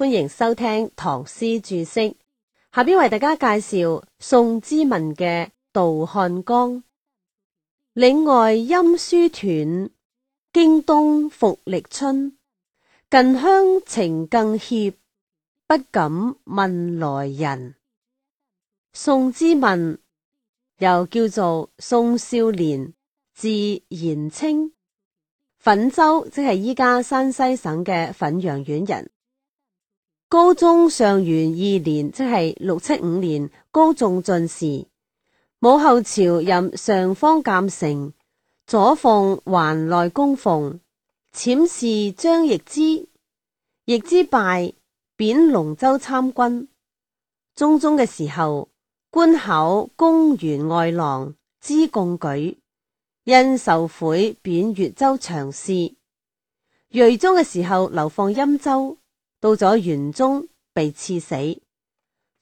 歡迎收聽唐詩注釋，下邊為大家介紹宋之問嘅《渡漢江》。嶺外音書斷，經冬復歷春。近鄉情更怯，不敢問來人。宋之問又叫做宋少連，字延清，汾州即係依家山西省嘅汾陽縣人。高宗上元二年，即係六七五年，高中進士，武后朝任上方監丞、左奉還內供奉，潛事張易之，易之敗，貶龍州參軍。中宗嘅時候，官考公員外郎，知貢舉，因受賄貶越州長史。睿宗嘅時候，流放欽州。到咗玄宗被刺死。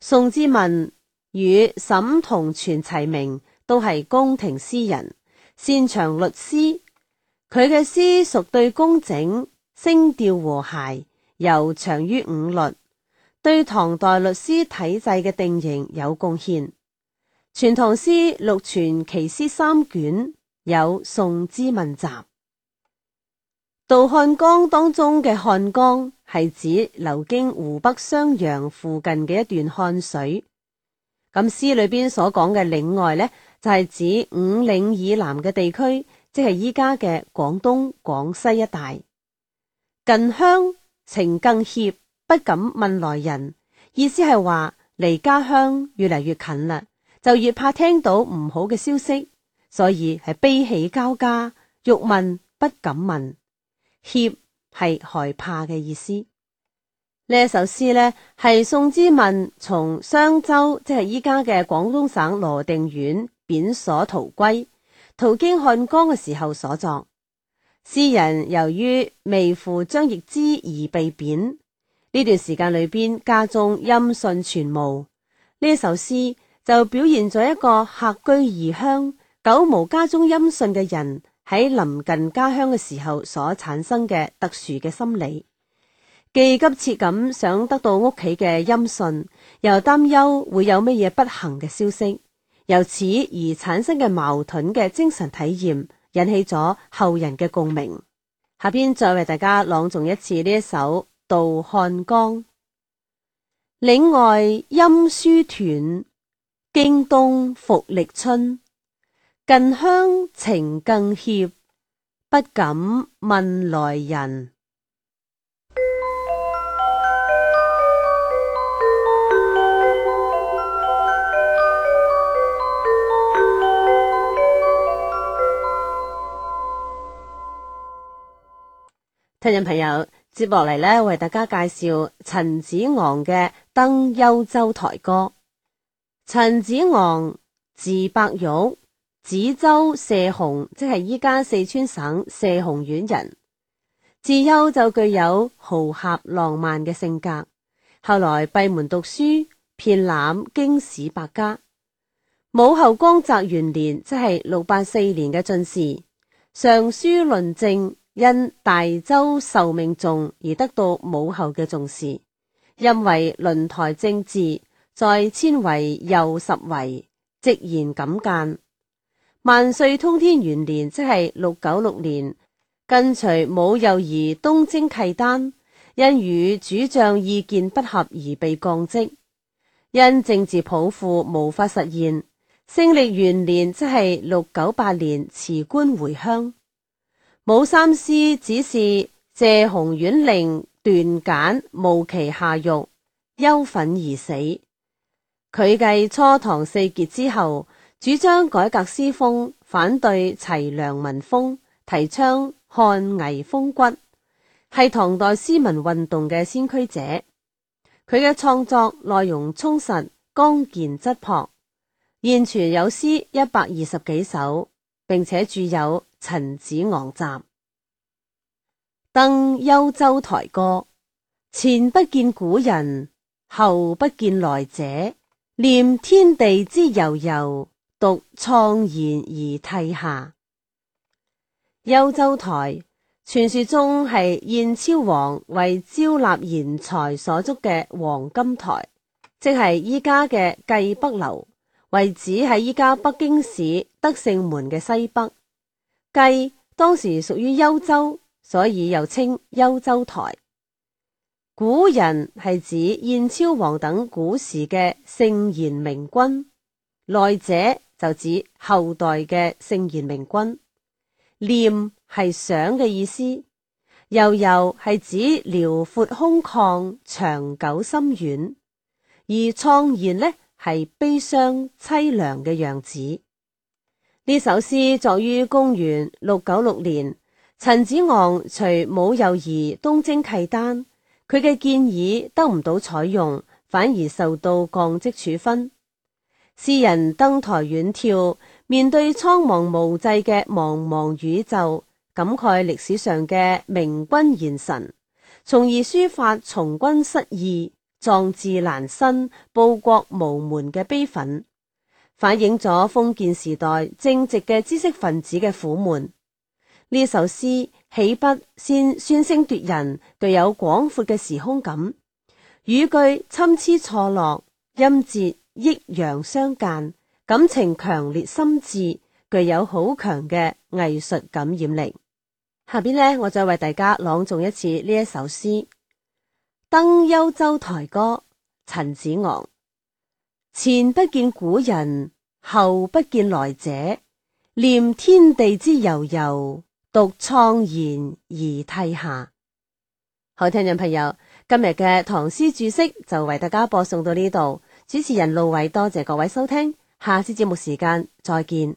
宋之問與沈同全齊名，都係宮廷詩人，擅長律詩，佢嘅詩屬對工整，聲調和諧，又長於五律，對唐代律詩體制嘅定型有貢獻。全唐詩六傳其詩三卷有宋之問集。渡漢江當中嘅漢江係指流經湖北襄陽附近嘅一段漢水。咁詩裏邊所講嘅嶺外呢，就係指五嶺以南嘅地區，即係依家嘅廣東、廣西一帶。近鄉情更怯，不敢問來人。意思係話離家鄉越嚟越近啦，就越怕聽到唔好嘅消息，所以係悲喜交加，欲問不敢問。怯係害怕嘅意思。呢一首詩呢，係宋之問從瀧州，即係依家嘅廣東省羅定縣貶所逃歸，途經漢江嘅時候所作。詩人由於未赴張易之而被貶，呢段時間裏邊家中音訊全無。呢一首詩就表現咗一個客居異鄉、久無家中音訊嘅人。喺臨近家鄉嘅時候所產生嘅特殊嘅心理，既急切咁想得到屋企嘅音訊，又擔憂會有乜嘢不幸嘅消息，由此而產生嘅矛盾嘅精神體驗，引起咗後人嘅共鳴。下邊再為大家朗誦一次呢一首《渡漢江》，嶺外音書斷，經冬復歷春。近鄉情更怯，不敢問來人。聽眾朋友接落嚟呢，為大家介紹陳子昂嘅《登幽州台歌》。陳子昂，字伯玉。子周射洪，即係依家四川省射洪縣人。自幼就具有豪俠浪漫嘅性格，後來閉門讀書，遍覽經史百家。母后光澤元年，即係六八四年嘅進士，上書論政，因大周受命重而得到母后嘅重視。因為輪台政治在千為右十遺，直言感諫。萬歲通天元年，即係六九六年，跟隨武攸宜東征契丹，因與主將意見不合而被降職。因政治抱負無法實現，聖曆元年，即係六九八年，辭官回鄉。武三思指使射洪縣令段簡，無其下獄，憂憤而死。佢繼初唐四傑之後。主張改革詩風，反對齊梁文風，提倡漢魏風骨，係唐代詩文運動嘅先驅者。佢嘅創作內容充實，剛健質朴，現存有詩一百二十幾首，並且著有《陳子昂集》。《登幽州台歌》前不見古人，後不見來者，念天地之悠悠。獨創然而涕下。幽州台，傳說中係燕昭王為招納賢才所築嘅黃金台，即係依家嘅薊北樓，位置喺依家北京市德勝門嘅西北。薊當時屬於幽州，所以又稱幽州台。古人係指燕昭王等古時嘅聖賢明君，來者。就指後代嘅聖賢明君，念係想嘅意思，悠悠係指遼闊空曠、長久深遠，而愴然呢係悲傷淒涼嘅樣子。呢首詩作於公元六九六年，陳子昂隨武攸宜東征契丹，佢嘅建議得唔到採用，反而受到降職處分。詩人登台遠眺，面對蒼茫無際嘅茫茫宇宙，感慨歷史上嘅明君賢臣，從而抒發從軍失意、壯志難伸、報國無門嘅悲憤，反映咗封建時代正直嘅知識分子嘅苦悶。呢首詩起筆先宣聲奪人，具有廣闊嘅時空感，語句參差錯落，音節。抑揚相間，感情強烈，心智具有好強嘅藝術感染力。下邊呢，我再為大家朗誦一次呢一首詩《登幽州台歌》。陳子昂：前不見古人，後不見來者。念天地之悠悠，獨愴然而涕下。好，聽眾朋友，今日嘅唐詩注釋就為大家播送到呢度。主持人路偉，多謝各位收聽，下次節目時間，再見。